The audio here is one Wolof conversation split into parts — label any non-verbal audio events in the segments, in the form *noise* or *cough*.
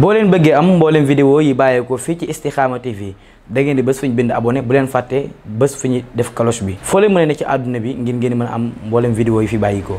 boo leen bëggee am mbooleem vidéo yi bàyyeekoo fii ci Istikhama TV da ngeen di bés fu ñu bind abonné bu leen fàtte bés fu def cloche bi foo leen mën a ne ci àdduna bi ngir ngeen mën a am mbooleem vidéo yi fi bàyyikoo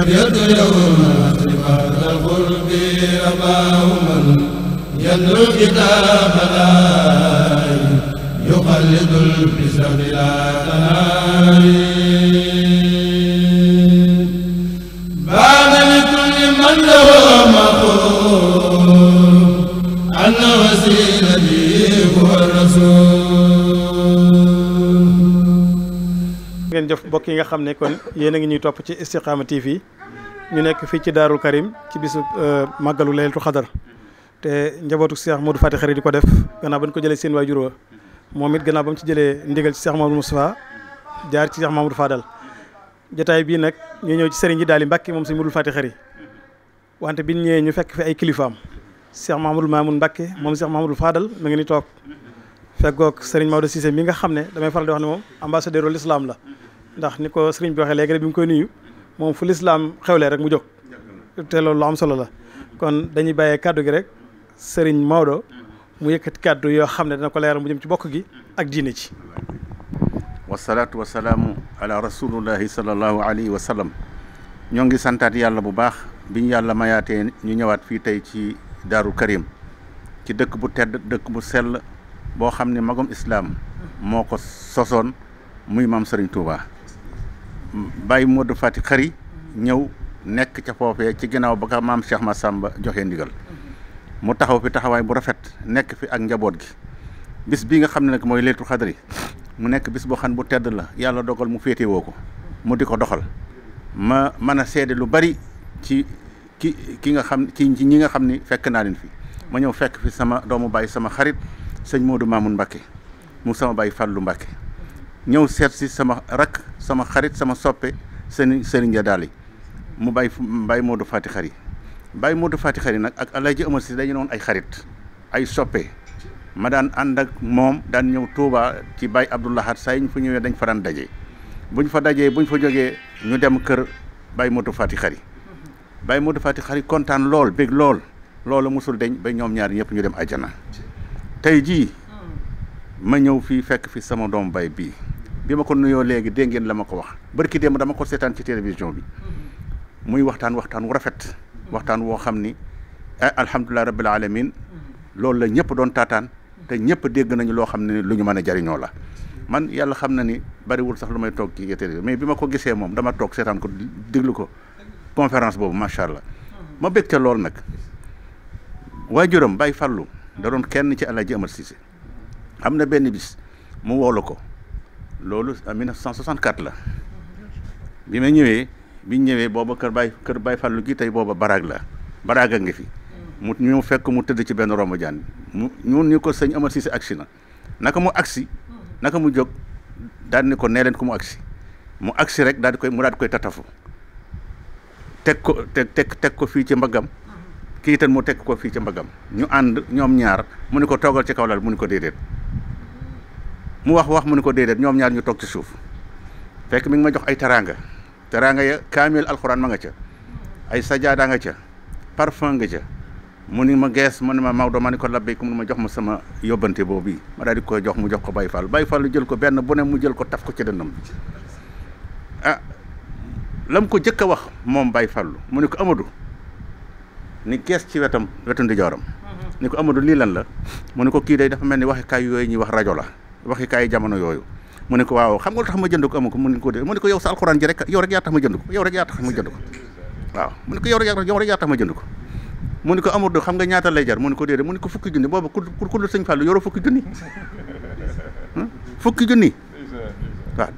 يبيض يوم أسلمة القلب أباه من يتلو الكتاب لا يقلد الحساب لا تناهي بعد لكل من له مقول أن وسيلتي هو الرسول ngeen jëf mbokk yi nga xam ne kon yéen a ngi ñuy topp ci Istikhama TV ñu nekk fii ci Daarul Karim ci bisu euh, màggalu Laylatul Qadr te njabootu Cheikh Modou Fati Xari di ko def gannaaw ba ñu ko jëlee seen waajur wa moom it gannaaw ba mu ci jëlee ndigal ci moom Mamadou Moustapha jaar ci Cheikh Mamadou Fadal jotaay bii nag ñu ñëw ci sëriñ ji daal yi Mbàkke moom sëñ Modou Fati Xari wante biñ ñëwee ñu fekk fi ay kilifaam Cheikh Mamadou Mamoun Mbàkke moom Cheikh Mamadou Fadal mu ngi ni toog fekkoog sëriñ Maodo Cissé mi nga xam ne damay faral di wax ne moom ambassadeur la ndax ni ko sëriñ bi waxee léegi rek bi mu koy nuyu moom fu lislaam xewlee rek mu jóg te loolu lu am solo la kon dañuy bàyyee kàddu gi rek sëriñ Maodo mu yëkkati kàddu yoo xam ne dana ko leeral mu jëm ci bokk gi ak diine ci wasalaatu wasalaamu ala rasulullahi salallahu alayhi wa sallam ñoo ngi santaat yàlla bu baax bi yàlla mayaatee ñu ñëwaat fii tey ci daaru karim ci dëkk bu tedd dëkk bu sell boo xam ne magum islaam moo ko sosoon muy maam sëriñ Touba. bàyyi moo Modou Fatick xari ñëw nekk ca foofee ci ginnaaw ba ka maam ma sàmba joxe ndigal mu taxaw fi taxawaay bu rafet nekk fi ak njaboot gi bis bii nga xam ne nag mooy leetu xadri mu nekk bis boo xam bu tedd la yàlla dogal mu féetewoo ko mu di ko doxal ma mën a seede lu bari ci ki ki nga xam ci ñi nga xam ni fekk naa leen fi ma ñëw fekk fi sama doomu baay sama xarit sëñ Modou Mamoun Mbacké mu sama baay lu Mbacké ñëw seet si sama rakk sama xarit sama soppe seen sëriñ ja daal yi mu bàyyi bàyyi Modou Fati Xari bàyyi Modou Fati Xari nag ak Alaaji Si dañu noon ay xarit ay soppe ma daan ànd ak moom daan ñëw Touba ci Baye Abdoulahat saa yi fa ñëwee dañ fa daan daje buñ fa dajee buñ fa jógee ñu dem kër Baye Modou Fati Xari Baye Modou Fati Xari kontaan lool bég lool loolu mosul deñ ba ñoom ñaar ñëpp ñu dem àjjana tey jii ma ñëw fii fekk fi sama doomu bay bii bi ma ko nuyoo léegi dégg ngeen la ma ko wax barki démb dama ko seetaan ci télévision bi muy waxtaan waxtaan wu rafet waxtaan woo xam ni eh, alhamdulilah rabbil alamin loolu la ñëpp doon taataan te ñëpp dégg nañu loo xam ne lu ñu mën a jariñoo la man yàlla xam na ni bariwul sax lu may toog ci télévision mais bi ma ko gisee moom dama toog seetaan ko déglu ko conférence boobu macha allah ma bég ca lool nag waajuram Baye Fallou da doon kenn ci El Hadji Amar Cissé am na benn bis mu woolu ko loolu en 1964 la bi ma ñëwee biñ ñëwee booba kër Baye kër bay fallu gi tey booba baraag la baraag a ngi fi mu ñu fekk mu tëdd ci benn romb jaan mu ñun ñu ko sëñ Amar Cissé agsi na naka mu agsi naka mu jóg daal ni ko nee leen ko mu agsi mu agsi rek daal di koy mu daal koy tatafu teg ko teg teg teg ko fii ci mbaggam kii itam mu teg ko fii ci mbaggam ñu ànd ñoom ñaar mu ni ko toogal ci kaw lal mu ni ko déedéet mu wax wax mu ne ko déedéet ñoom ñaar ñu toog ci suuf fekk mi ngi ma jox ay teraanga teraanga ya kaamil alxuraan ma nga ca ay sajaada nga ca parfum nga ca mu ni ma gees mu ne ma Maodo ma ne ko labbe ku mu ma jox ma sama yóbbante boobu yi ma daa di koy jox mu jox ko Baye Fall Baye Fall jël ko benn bu ne mu jël ko taf ko ci dënnam ah lam ko jëkk a wax moom bay fallu mu ne ko Amadou ni gees ci wetam wetu ndijooram mhm. ni ko Amadou lii lan la mu ne ko kii day dafa mel ni waxekaay yooyu ñuy wax rajo la waxikaayu jamono yooyu mu ne ko waaw xam nga tax ma jënd ko amu ko mu ne ko de mu ko yow sa alxuraan ji rek yow rek yaa tax ma jënd ko yow rek yaa tax ma jënd ko waaw mu ne ko yow rek ko mu ne ko amul xam nga ñaata lay jar mu ne ko déedéet mu ne ko fukki junni boobu ku ku lu sëñ Fallou yoroo fukki junni *laughs* fukki junni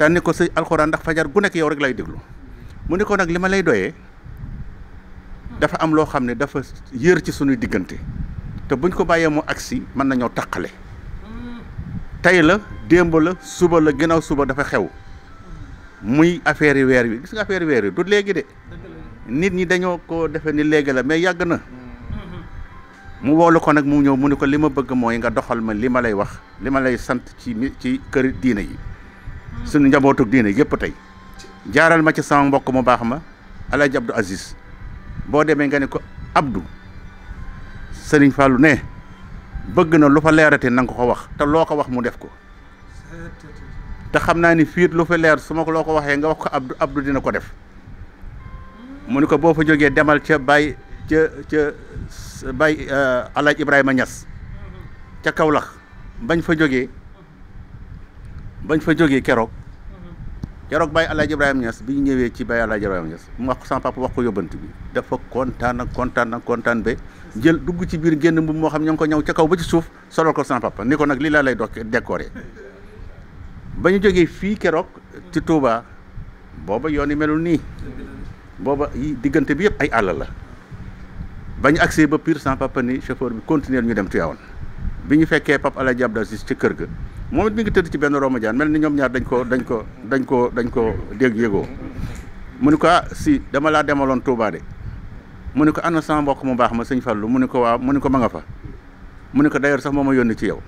ne ko sa alxuraan ndax fajar gu nekk yow rek lay déglu mu ne ko nag li ma lay doyee dafa am loo xam ne dafa yër ci sunuy diggante te buñ ko bàyyee mu agsi mën nañoo taqale tey la démb la suba la ginnaaw suba dafa xew muy affaire yi weer wi gis nga affaire yi weer wi du léegi de nit ñi dañoo ko defe ni léegi la mais yàgg na mu woolu ko nag mu ñëw mu ni ko li ma bëgg mooy nga doxal ma li ma lay wax li ma lay sant ci ci kër diina yi suñu njabootug diine yëpp tey jaaral ma ci sama mbokk mu baax ma Alaaji Abdou asis boo demee nga ne ko abdu Sëriñ Fallou ne bëgg na lu fa leerati na nga ko wax te loo ko wax mu def ko te xam naa ni fiit lu fa leer su ma ko loo ko waxee nga wax ko Abdou Abdou dina ko def mu ni ko boo fa jógee demal ca Baye ca ca Baye euh, Alaaji Ibrahima Niass ca Kaolack bañ fa jógee bañ fa jógee keroog keroog Baye Alaaji Ibrahima ñas bi ñu ñëwee ci Baye Alaaji Ibrahima Niass mu wax ko papa wax ko yóbbant bi dafa kontaan a kontaan ak kontaan ba jël dugg ci biir génn mbubb moo xam ña ngi ko ñaw ca kaw ba ci suuf solo ko sama papa ni ko nag lii laa lay dox décoré ba ñu jógee fii keroog ci Touba booba yoon yi melul nii booba diggante bi yëpp ay àll la ba ñu agsee ba piir sama papa ni chauffeur bi continuer ñu dem Tivaouane bi ñu fekkee Pape Alaaji Abdou Aziz ci kër ga moom it mi tëdd ci benn romajaan mel ni ñoom ñaar dañ ko dañ ah, ko dañ ko dañ ko dégg yégoo mu ne ko si dama laa demaloon Touba de mu ne ko ana sama mbokk mu baax ma sëñ Fallou mu ne ko waaw mu ne ko ma nga fa mu ne ko d'ailleurs sax moo ma yónni ci yow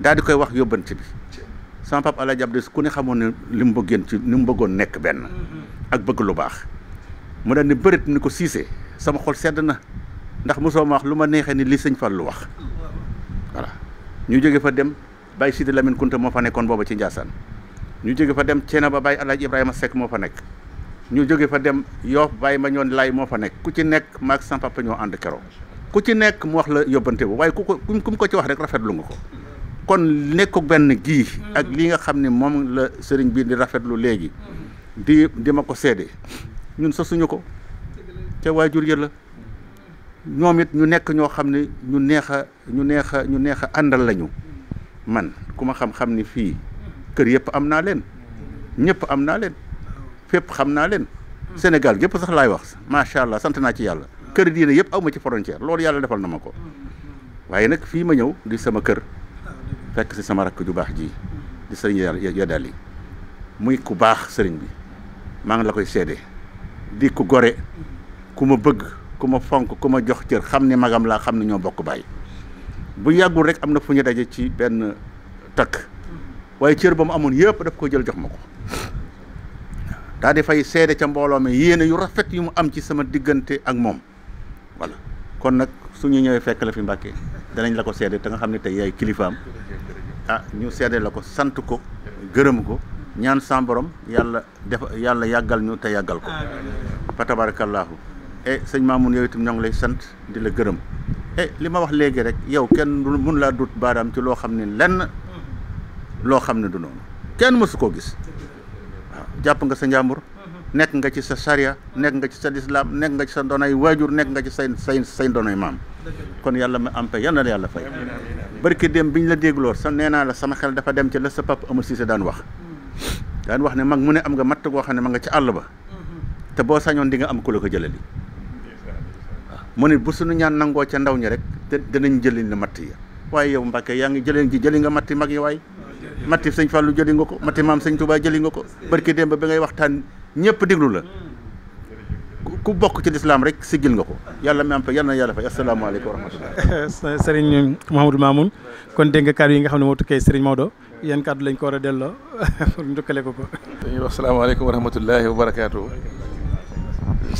daal di koy wax yóbbante bi sama papa El Hadj ku ne xamoon ne li mu bëggeen ci ni mu bëggoon nekk benn ak bëgg lu baax mu daal ni bërit ko siisee sama xol sedd na ndax mosoo ma lu ma neexee ni li sëñ Fallou wax voilà ñu jóge fa dem Baye Sidi Lamine Kunta moo fa nekkoon booba ci Ndiassane ñu jóge fa dem Ceena ba Baye El Hadj Ibrahima Seck moo fa nekk ñu jóge fa dem Yoff bàyyi ma ñoon lay moo fa nekk ku ci nekk maag sama papa ñoo ànd keroog ku ci nekk mu wax la yóbbante bu waaye ku ko ku ko ci wax rek rafetlu nga ko kon nekku benn gii ak li nga xam ne moom la sëriñ bi di rafetlu léegi di di ma ko seede ñun sasuñu ko ca waajur ya la ñoom it ñu nekk ñoo xam ne ñu neex a ñu neex ñu neex a àndal lañu man ku ma xam-xam ni fii kër yëpp am naa leen ñëpp am naa leen fépp xam naa leen Sénégal gépp sax laay wax macha allah sant naa ci yàlla kër diine yëpp aw ma ci frontière loolu yàlla defal na ma ko waaye nag fii ma ñëw di sama kër fekk si sama rakk ju baax ji di sëriñ Yadali muy ku baax sëriñ bi maa ngi la koy seede di ku gore ku ma bëgg ku ma fonk ku ma jox cër xam ne magam laa xam ne ñoo bokk bàyyi bu yàggul rek am na fu ñu daje ci benn takk waaye cër ba mu amoon yëpp daf ko jël jox ma ko daa di fay seede ca mbooloo mi yéene yu rafet yu mu am ci sama diggante ak moom voilà kon nag suñu ñëwee fekk la fi Mbàkke danañ la ko seede te nga xam ne tey yaay kilifaam ah ñu seede la ko sant ko gërëm ko ñaan sa borom yàlla def yàlla yàggal ñu te yàggal ko fa tabarakallahu e sëñ Mamoun yow itam ñoo ngi lay sant di la gërëm e li ma wax léegi rek yow kenn mun laa dut baaraam ci loo xam ne lenn loo xam ne du kenn mësu koo gis jàpp nga sa njàmbur nekk nga ci sa sariya nekk nga ci sa lislaam nekk nga ci sa doonay waajur nekk nga ci say say say doonay maam kon yàlla ma am pay yàlla na yàlla fay barki dem bi ñu la dégloo sa nee naa la sama xel dafa dem ci la sa pap amul siise daan wax daan wax ne mag mu ne am nga matt goo xam ne ma nga ci àll ba te boo sañoon di nga am ku la ko jëlali mu ne bu suñu ñaan nangoo ca ndaw ñi rek te dinañ jëliñ na matt yi waaye yow Mbàkke yaa ngi jëleen ji nga matt yi mag yi waaye matti sañ Fallou jëli nga ko matti maam sëñ Touba jëli nga ko dem démb ba ngay waxtaan ñëpp déglu la ku bokk ci lislaam rek siggil nga ko yàlla mi am fa yàlla na yàlla fay asalaamaaleykum wa rahmatullah *laughs* sëriñ Mouhamadou Mamoun kon dégg nga kàddu yi nga xam ne moo tukkee sëriñ Maodo yan lañ ko war a delloo *laughs* pour ko ko dañuy wax salaamaaleykum wa rahmatullahi wa barakaatu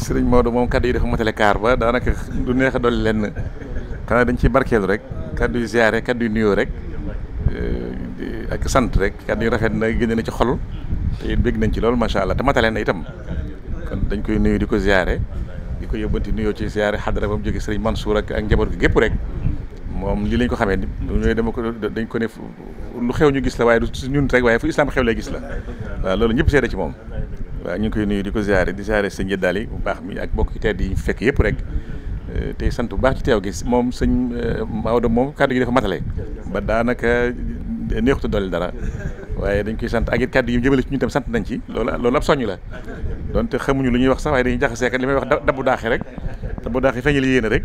sëriñ moom kàddu yi dafa matale kaar ba daanaka du neex a dolli lenn xanaa dañ ciy barkeelu rek kàddu yu ziare kàddu rek ak sant rek kàddu yu rafet na génne na ci xol te it bégg nañ ci loolu macha allah te matale na itam kon dañ koy nuyu di ko ziare di ko yóbbanti nuyoo ci ziare xadara ba mu jógee sëriñ Mansour ak ak njaboot gi gépp rek moom lii lañ ko xamee ni dama ko dañ ko ne lu xew ñu gis la waaye du ñun rek waaye fu islam xew lay gis la waaw loolu ñëpp seede ci moom waaw ñu ngi koy nuyu di ko ziare di ziare sëñ Yeddaal yi bu baax mi ak bokk ci tedd fekk yëpp rek eh, tey sant bu baax ci teew gi moom sañ eh, Maodo moom kàddu gi dafa matale ba daanaka neexuta dolli dara waaye dañ koy sant ak it kàddu yi jëmale ci ñu tam sant nañ ci loolu loolu ab soññ la donte xamuñu lu ñuy wax sax waaye dañuy jaxasee kat li may wax dabbu daaxi rek dabbu daaxi feeñal yéene rek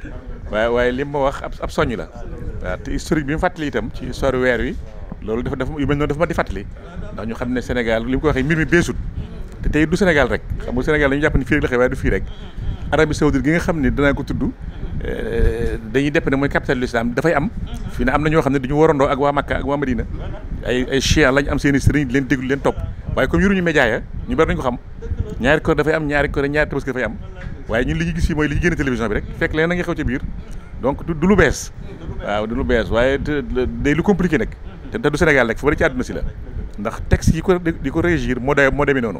waaye waaye li ma wax ab soññ la waaw te historique bi mu fàttali itam ci histoire weer wi loolu dafa dafa yu mel noonu dafa ma di fàttali ndax ñu xam ne Sénégal li mu ko waxee mbir mi beesut te tey du Sénégal rek xam nga Sénégal dañu jàpp ni fii rek la xew waaye du fii rek Arabie Saoudite gi nga xam ne danaa ko tudd dañuy depp ne mooy capital l'islam dafay am fii ne am na ñoo xam ne dañu warandoo ak waa Makka ak waa Madina ay ay chia lañ am seen i sëriñ leen déglu leen topp waaye comme yoruñu média ya ñu bari dañu ko xam ñaari koor dafay am ñaari koor ñaari tabaski dafay am waaye ñun li ñu gis yi mooy li ñu génn télévision bi rek fekk leen na nga xew ci biir donc du lu bees waaw du lu bees waaye day lu compliqué nag te du Sénégal rek fu bari ci àdduna si la ndax texte yi ko di ko régir moo day moo demee noonu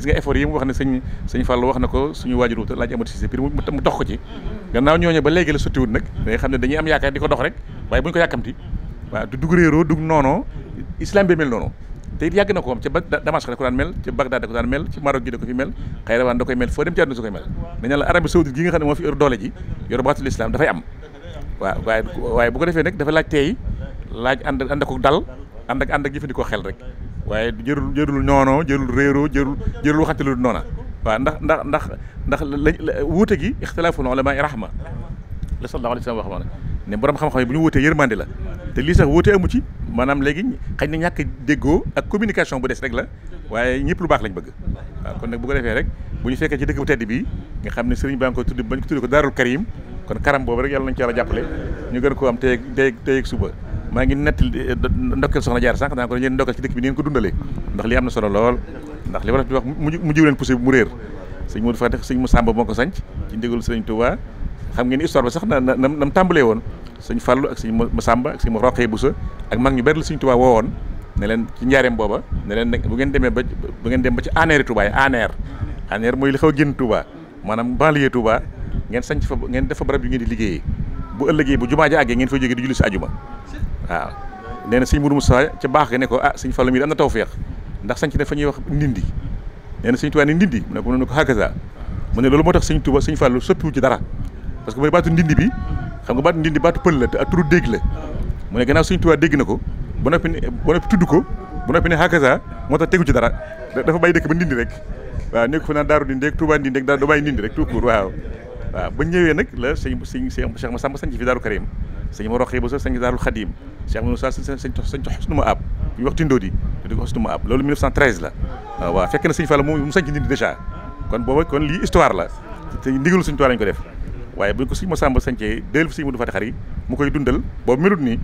gis nga effort yi mu wax ne sëñ sëñ Fallou wax na ko suñu waajur te laaj amati si biir mu dox ko ci gannaaw ñooñu ba léegi la sottiwut nag da nga xam ne dañuy am yaakaar di ko dox rek waaye bu ñu ko yàkkamti waaw du dug réeroo dug noonoo islam bi mel noonu te yàgg na ko am ca ba Damas da ko daan mel ca Bagdad da ko daan mel ci Maroc gi da ko fi mel Xayrawaan da koy mel foo dem ci su koy mel dañu la Arabie Saoudite gi nga xam ne moo fi yor doole ji yor baatul waaw waaye waaye bu ko defee nag dafa laaj teey laaj ànd ànd ak dal ànd ak ànd ak jëfandikoo xel rek waaye jërul jërul noonoo jërul réero jërul jërul waxante lu noona waa ndax ndax ndax ndax la wuute gi ixtilaaful ulama rahma la sallallahu alayhi wa sallam wax ne borom xam-xam yi bu ñu wuutee yërmande la te lii sax wuute amu ci maanaam léegi xëy na ñàkk déggoo ak communication bu des rek la waaye ñëpp lu baax lañ bëgg kon nag bu ko defee rek bu ñu fekkee ci dëkk bu tedd bii nga xam ne sëriñ baa ngi ko tudd bañ ko tudd ko daarul karim kon karam boobu rek yàlla nañu ci yàlla jàppale ñu gën ko am tey tey tey ak suba maa ngi nettali ndokkeel soxna jaar sànq naa ko ngeen ndokkeel ci dëkk bi ngeen ko dundalee ndax li am na solo lool ndax li war di wax mu jiw leen poussé mu réer sëñ Modou Fatick sëñ Massamba moo ko sanc ci ndigal sëñ Touba xam ngeen histoire ba sax na na nam tàmbalee woon sëñ Fallou ak sëñ Massamba ak sëñ Roqee Bousso ak mag ñu bari la sëñ Touba woowoon ne leen ci njaareem booba ne leen bu ngeen demee ba bu ngeen dem ba ci aneeri Touba yi aneer aneer mooy li xaw a génn tubaa maanaam banlieue Touba ngeen sanc fa ngeen def fa barab yu ngeen di bu ëllëgee bu jumaa ja àggee ngeen fay jógee di julli si ajuma waaw nee na sëñ Mourou Moussa ca baax ga ne ko ah sëñ Fallou mii am na feex ndax sañ ci ne fa ñuy wax ndindi nee na sëñ ni ne ndindi mu ne ko noonu ko hakaza ne loolu moo tax sëñ Tuubaa sëñ Fallou soppiwu ci dara parce que mu ne bi xam nga baatu ndindi baatu pël la te ak turu dégg la na ko ba noppi ne ba ko ba noppi ne hakaza moo tax tegu ci dara dafa bàyyi dëkk ba ndindi rek waaw nekk fa naan daaru ndindi rek Tuubaa ndindi rek daal doo bàyyi ndindi rek tout court waaw waaw ba ñëwee nag la sëñ sëñ Cheikh Massamba fi Daaru Karim sëñ ma roqee bu sa sëñ daarul xadim cheikh manu sa sëñ sëñ xusnu ma ab ñu wax tindóodi te di ko xusnu ma ab loolu 1913 la waaw ah, waaw fekk na sëñ Fallou moom mu sañ ci ndindi dèjà kon booba kon lii histoire la te ndigalu sëñ Tuubaa lañ ko def waaye bu ko sëñ Masamba sañcee déel fi sëñ Mudu Fati Xari mu koy dundal boobu melut nii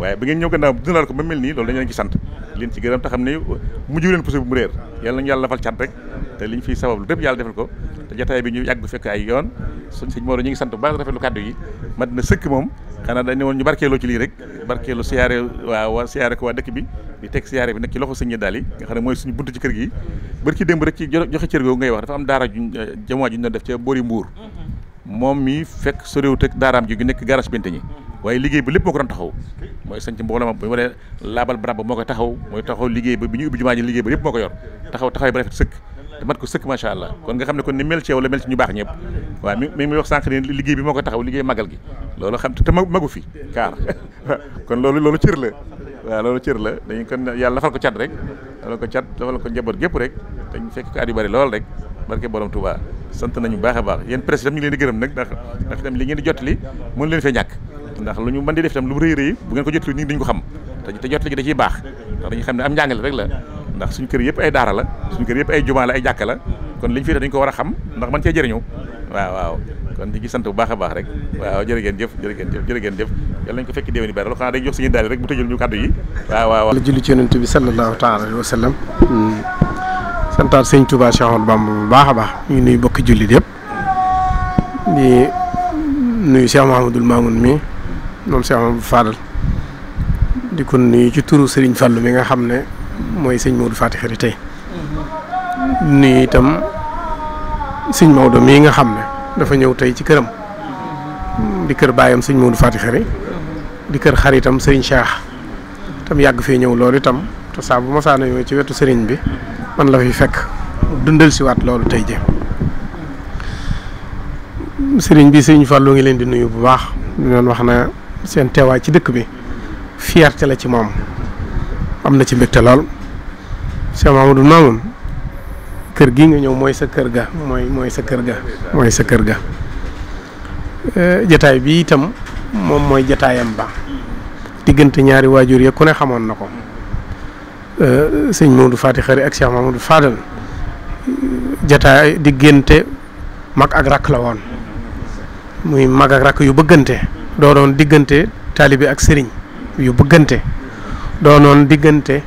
waaye bi ngeen ñëw gannaaw dundal ko ba mel nii loolu dañu leen ci sant leen ci gërëm te xam ne uh, mujj leen posé bu mu réer yàlla nañu yàlla defal cant rek te liñ fiy sabab lu lépp yàlla defal ko te jotaay bi ñu yàgg fekk ay yoon suñ sëñ Maodo ñu ngi sant bu baax rafetlu kàddu yi mat na sëkk moom xanaa dañ ne woon ñu barkeeloo ci lii rek barkeelu siyaare waa waa siyaare ko waa dëkk bi di teg siyaare bi nag ci loxo sëñ daal yi nga xam ne mooy suñu buntu ci kër gi bari ci démb rek ci joxe cër googu ngay wax dafa am daara juñ euh, jamono juñ doon def ca boori mbuur mm-hmm. moom mi fekk soriwut ak daaraam ji gi nekk garage bente ñi waaye liggéey bi lépp moo ko doon taxaw mooy sañ ci mbooloo ma bu waree laabal barab ba moo koy taxaw mooy taxaw liggéey ba bi ñu ubbi jumaa ji liggéey ba yëpp ba rafet te mat ko sëkk macha allah kon nga xam ne kon ni mel ci yow ñu baax ñëpp waaw mi moo ko taxaw liggéey magal gi loolu xam te magu fi kaar *laughs* kon loolu loolu cër la waaw loolu cër la dañu ko cat rek lafal ko cat lafal ko njaboot gépp rek te ñu fekk ko at yu bari lool rek barke borom Touba sant nañu baax a baax yéen presse tam ñu leen di gërëm nag ndax ndax itam li ngeen di jottali mënu leen ñàkk ndax lu ñu mën di def itam lu rëy rëy bu ngeen ko jottali nit ñi dañu ko xam te te jottali gi da ciy baax ndax dañu xam ne am njàngale rek la ndax suñu kër yëpp ay daara la suñu kër yëpp ay jumaa la ay jàkka la kon liñ fi def dañ ko war a xam ndax man cee jëriñu waaw waaw kon ñu ngi sant bu baax a baax rek waaw jërë jëf jërë ngeen jëf jërë ngeen jëf yàlla nañ ko fekk déwén yi bari xanaa day jox suñu daal rek bu tëjal ñu kàddu yi waaw waaw la julli ci yonent bi sallallahu taala alayhi wa sallam hmm. santaat sëñ Touba Cheikh Ahmadou Bamba baax a baax ñu nuyu bokki jullit yëpp di nuyu Cheikh Mahamadul Mamoun mi moom Cheikh Mahamadou Fadal di ko nuyu ci turu Serigne Fallou mi nga xam ne mooy sëñ Maodo faati Khary tey nuyu itam sëñ Maodo mii nga xam ne dafa ñëw tey ci këram di kër baayam sëñ Maodo faati Khary di kër xaritam sëriñ Cheikh tam yàgg fee ñëw loolu itam te saa bu ma yooyu ci wetu sëriñ bi man la fi fekk dundal si waat loolu tey jii sëriñ bi sëriñ Fallou ngi leen di nuyu bu baax di leen wax na seen teewaay ci dëkk bi fierté la ci moom. am na ci mbégte lool Cheikh Mamadou Mamoun kër gi nga ñëw mooy sa kër ga mooy sa kër ga sa kër ga euh, jataay bi itam moom mooy jataayam ba diggante ñaari waajur ya ku ne xamoon na ko euh, sëñ Mamadou Fati Xari ak Cheikh Mamadou Fadal jataay diggante mag ak rakk la woon muy mag ak rakk yu bëggante doo doon diggante taalibe ak sëriñ yu bëggante doonoon diggante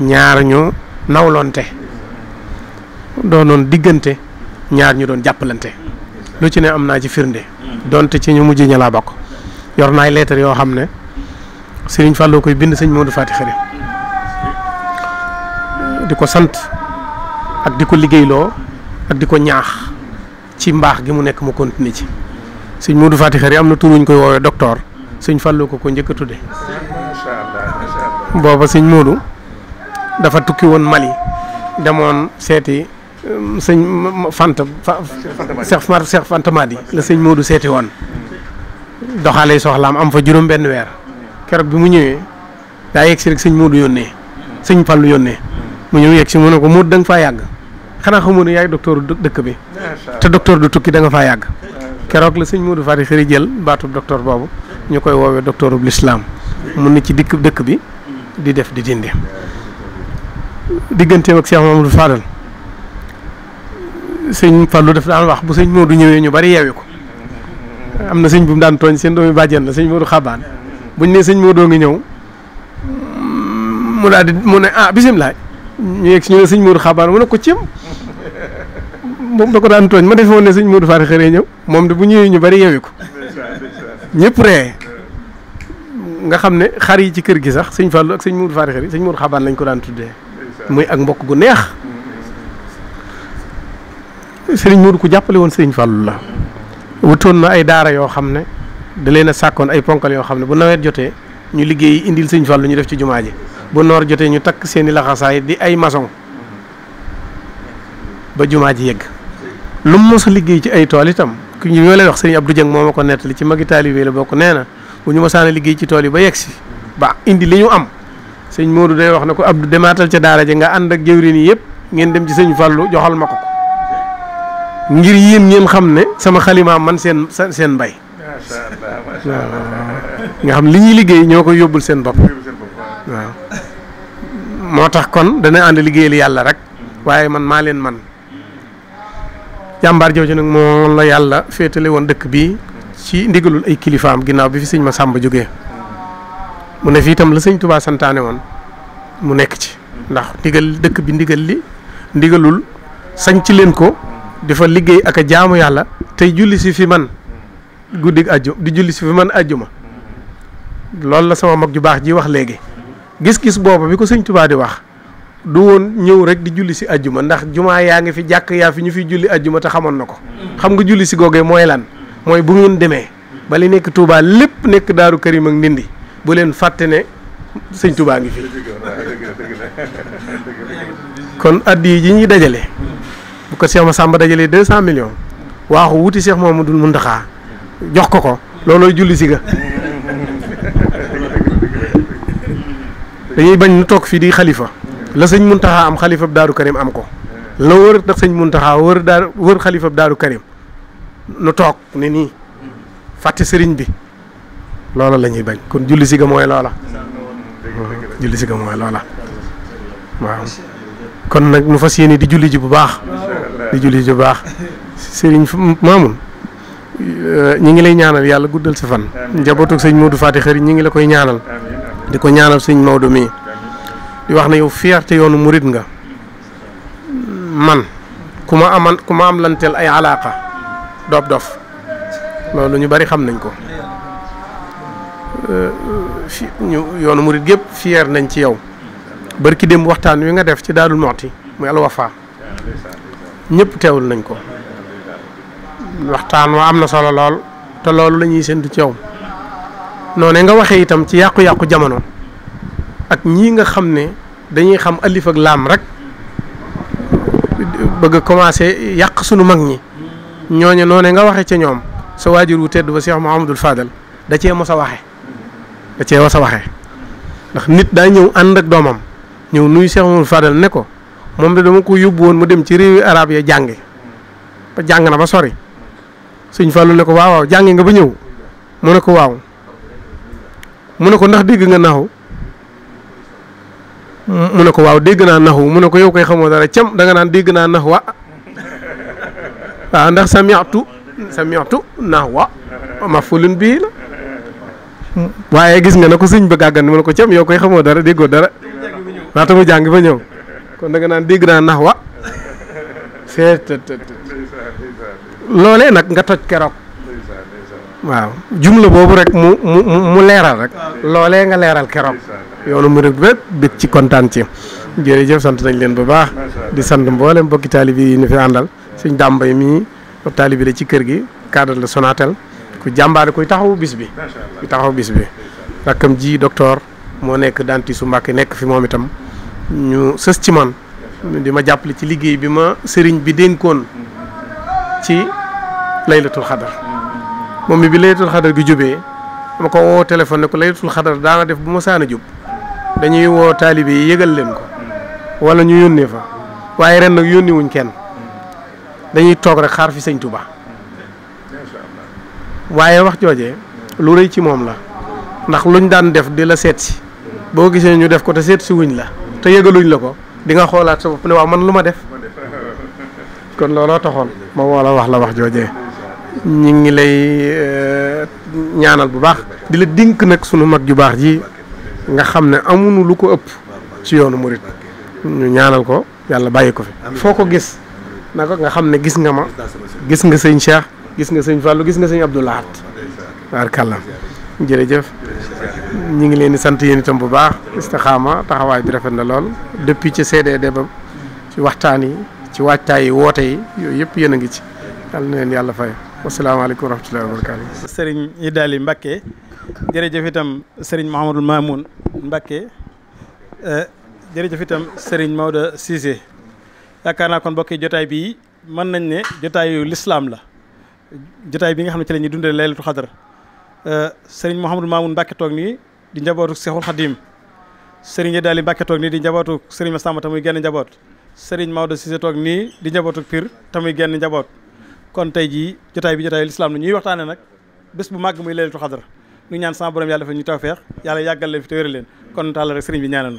ñaar ñu nawlonte doonoon diggante ñaar ñu doon jàppalante lu ci ne am naa ci firnde donte ci ñu mujj ña laa bokk yor naay leetar yoo xam ne sëriñ Fallou koy bind sëñ Modou Fati Xari di ko sant ak di ko liggéeyloo ak di ko ñaax ci mbaax gi mu nekk mu continuer ci sëñ Modou Fati Xari am na turuñ koy woowee docteur sëñ Fallou ko ko njëkk a tudde booba sëñ Modou dafa tukki woon Mali demoon seeti um, sëñ Fanta Cheikh Cheikh Fanta Madi la sëñ Modou seeti woon doxalee soxlaam am fa juróom benn weer keroog bi mu ñëwee daa yegg si rek sëñ Modou yónnee sëñ Fallou yónnee mu ñëw yegg si mu ne ko Modou da nga faa yàgg xanaa xamoo ne yaay docteur dëkk bi te docteur du tukki da nga faa yàgg keroog la sëñ Modou Fari xëri jël baatub docteur boobu ñu koy woowe docteur bu lislaam mun na ci dikk dëkk bi di def di dindi digganteem ak Cheikh Mamadou Fadal sëñ Fallou daf daan wax bu sëñ Modou ñëwee ñu bari yeewi ko am na sëñ bu mu daan tooñ seen doomi bàjjen la sëñ Modou xabaan buñ ne sëñ Modou ngi ñëw mu daal di mu ne ah, ko cim moom da ko daan tooñ ma defoon ne sëñ Modou Fadal xëree ñëw moom de bu ñëwee ñu bari yeewi ko ñëpp ree nga xam ne xar yi ci kër gi sax sëñ Fallou ak sëñ Mourou Fari xar yi sëñ Mourou xabaan lañ ko daan tuddee muy ak mbokk gu neex sëriñ Mourou ku jàppale woon sëriñ Fallou la wutoon na ay daara yoo xam ne da leen a sàkkoon ay ponkal yoo xam ne bu nawet jotee ñu liggéey indil sëñ lu ñu def ci jumaa ji bu noor jotee ñu takk seeni laxasaay di ay maçon ba jumaa ji yegg lu mu mos a liggéey ci ay tool itam ku ñu ñoo lay wax sëriñ Abdou Dieng moo ma ko nettali ci magi taalibe la bokk nee na bu ñu mosaan liggéey ci tool yi ba yegg si ba indi li ñu am sëñ Modou day wax ne ko ab demaatal ca daara ja nga ànd ak jëwriñ yi yëpp ngeen dem ci sëñ Fallou joxal ma ko ngir yéen ngeen xam ne sama xalimaam man seen seen mbay. nga xam li ñuy liggéey ñoo koy yóbbul seen bopp. moo tax kon dana ànd liggéeyal yàlla rek waaye man maa leen man jàmbaar jooju nag moo la yàlla féetale woon dëkk bii. ci ndigalul ay kilifaam ginnaaw bi fi sëñ ma sàmba jógee mu ne fii tam la sëñ tubaa santaane woon mu nekk ci ndax ndigal dëkk bi ndigal li ndigalul sañ ci leen ko dafa liggéey ak a jaamu yàlla tey julli si fi man guddig àjju di julli si fi man àjjuma loolu la sama mag ju baax ji wax léegi gis-gis booba bi ko sëñ tubaa di wax du woon ñëw rek di julli si àjjuma ndax jumaa yaa ngi fi jàkk yaa fi ñu fi julli àjjuma te xamoon na ko xam nga julli si googee mooy lan mooy bu ngeen demee ba nekk tuubaa lépp nekk Daaru Karim ak Ndindi bu leen fàtte ne sëñ Touba ngi fi kon addi yi ñuy dajale bu ko ma Massamba dajale deux cent millions waaxu wuti Cheikh Mamadou Mountakha jox ko ko loolooy julli si ga dañuy bañ nu toog fii di xalifa la sëñ Mountakha am xalifa xalifab Daaru Karim am ko la wër ndax sëñ Mountakha wër daaru Daaru Karim nu toog ne nii fàtte sëriñ bi loola lañuy bañ kon julli si ga mooy loola julli si ga loola kon nag nu fas yéene di julli ji bu baax di julli ji bu baax sëriñ Mamoun euh, ñi ngi lay ñaanal yàlla guddal sa fan njabootug sëñ Modou Fati Xëri ñi ngi la koy ñaanal di ko ñaanal sëñ Maodo mii di wax ne yow te yoonu murit nga man ku ma aman ku ma am lanteel ay alaaka doob dof loolu ñu bari xam nañ ko euh, fi ñu yoonu murit gépp fier nañ ci yow barki démb waxtaan wi nga def ci Daarul Muxti muy Al Wafa ñëpp teewul nañ ko waxtaan wa am na solo lool te loolu lañuy ñuy séntu ci yow noonu nga waxe itam ci yàqu-yàqu jamono ak ñii nga xam ne dañuy xam alif ak laam rek bëgg a commencé yàq sunu mag ñi ñooñe noone nga waxe ca ñoom sa waajur wu tedd ba Cheikh Mouhamadul Fadal da cee mos a waxe da cee mos a waxe ndax nit daa ñëw ànd ak doomam ñëw nuyu Cheikh Mouhamadul Fadal ne ko moom da dama ko yóbbu woon mu dem ci réewi arab ya jàngi ba jàng na ba sori suñ Fallu ne ko waaw waaw jàngi nga ba ñëw mu ne ko waaw mu ne ko ndax dégg nga naxu mu ne ko waaw dégg naa naxu mu ne ko yow koy xamoo dara cam da nga naan dégg naa naxu wa waaw ah, ndax samiatu samiatu nahwa mafulun bii la waaye gis nga na ko sëñ ba gàggan ni ma la ko cam yow koy xamoo dara déggoo dara waxta mu jàng ba ñëw kon da naan dégg naa nax wa loolee nag nga toj keroog waaw jumla boobu rek mu mu mu leeral rek loole nga leeral keroog yoonu mu rek bépp bit ci kontaan ci jërëjëf sant nañ leen bu baax di sant mboole bokki taalibe yi ñu fi àndal sëñ dàmbay mii ab taalibi la ci kër gi cadre la Sonatel ku jàmbaare kuy taxawu bis bi taxaw bis bi rakkam ji docteur moo nekk danti su Mbàkke nekk fi moom itam ñu sës ci man di ma jàppale ci liggéey bi ma sëriñ bi dénkoon ci laylatul xadar moom mi bi laylatul xadar gi jubee ma ko woo téléphone ne ko laylatul xadar daana def bu ma saana jub dañuy woo taalibe yi yëgal leen ko wala ñu yónnee fa waaye ren nag yónni kenn dañuy toog rek xaar fi sëñ Touba waaye wax joojee lu rëy ci moom la ndax lu ñu daan def di la seet si boo gisee ñu def ko te seet si la te yëgaluñ la ko di nga xoolaat sa bopp ne waaw man lu ma def kon looloo toxoon ma woo wax la wax joojee ñu ngi lay eh, ñaanal bu baax di la dink nag sunu mag ju baax ji nga xam ne amuñu lu ko ëpp si yoonu murit ñu ñaanal ko yàlla bàyyi ko fi foo ko gis na ko nga xam ne gis nga ma gis nga sëñ Cheikh gis nga sëñ Fallou gis nga sëñ Abdou Lahat barkalla jërëjëf ñu ngi leen di sant yéen itam bu baax istaxaama taxawaay bi rafet na lool depuis ci CDD ba ci waxtaan yi ci waajtaay yi woote yi yooyu yëpp yéen a ngi ci yàlla na leen yàlla fay wasalaamaaleykum wa rahmatullahi wa barakaatu sëriñ Idaly Mbacke jërëjëf itam sëriñ Mouhamadul Mamoun Mbacke eh, jërëjëf itam sëriñ Maodo Cissé yaakaar naa kon mbokki jotaay bii mën nañ ne jotaayu lislaam la jotaay bi nga xam ne ci la ñuy dundee laylatul xadar euh, sëriñ Mouhamadou Mamoun Mbacke toog nii di njabootu Seexul Xadim sëriñ Yadaali Mbacke nii di njabootu sëriñ Massamba tamuy genn njaboot sëriñ Maodo Cissé toog nii di njabootu Pire tamuy genn njaboot kon tey jii jotaay bi jotaayu lislaam la ñuy waxtaanee nag bés bu màgg muy laylatul xadar ñu ñaan sama yàlla defal ñu tawfeex yàlla yàggal leen fi te wéral leen kon tàlla rek sëriñ bi ñaanal